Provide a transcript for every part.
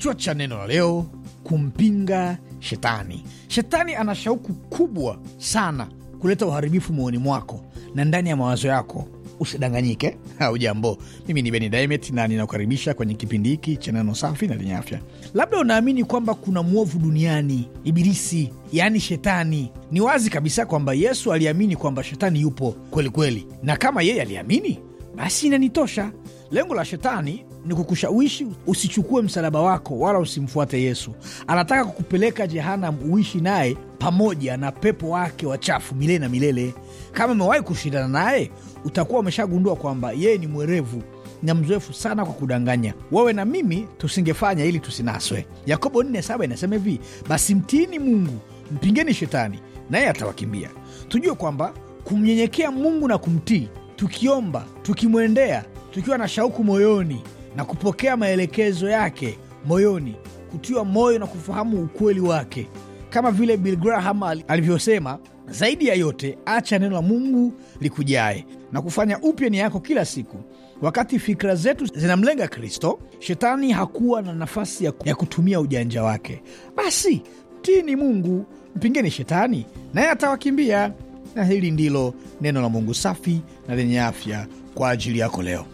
Kichwa cha neno la leo: kumpinga shetani. Shetani ana shauku kubwa sana kuleta uharibifu moyoni mwako na ndani ya mawazo yako. Usidanganyike. Hujambo, mimi ni Beni Daimet na ninakukaribisha kwenye kipindi hiki cha neno safi na lenye afya. Labda unaamini kwamba kuna mwovu duniani, Ibilisi yaani shetani. Ni wazi kabisa kwamba Yesu aliamini kwamba shetani yupo kwelikweli kweli, na kama yeye aliamini, basi inanitosha. Lengo la shetani ni kukushawishi usichukue msalaba wako wala usimfuate Yesu. Anataka kukupeleka jehanamu uishi naye pamoja na pepo wake wachafu milele na milele. Kama umewahi kushindana naye, utakuwa umeshagundua kwamba yeye ni mwerevu na mzoefu sana kwa kudanganya. Wewe na mimi tusingefanya ili tusinaswe. Yakobo 4:7 inasema hivi, basi mtiini Mungu, mpingeni shetani naye atawakimbia. Tujue kwamba kumnyenyekea Mungu na kumtii, tukiomba, tukimwendea, tukiwa na shauku moyoni na kupokea maelekezo yake moyoni, kutiwa moyo na kufahamu ukweli wake. Kama vile Bill Graham alivyosema, zaidi ya yote, acha neno la Mungu likujae na kufanya upya nia yako kila siku. Wakati fikra zetu zinamlenga Kristo, shetani hakuwa na nafasi ya kutumia ujanja wake. Basi tini Mungu, mpingeni shetani, naye atawakimbia. Na hili ndilo neno la Mungu safi na lenye afya kwa ajili yako leo.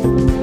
Thank you.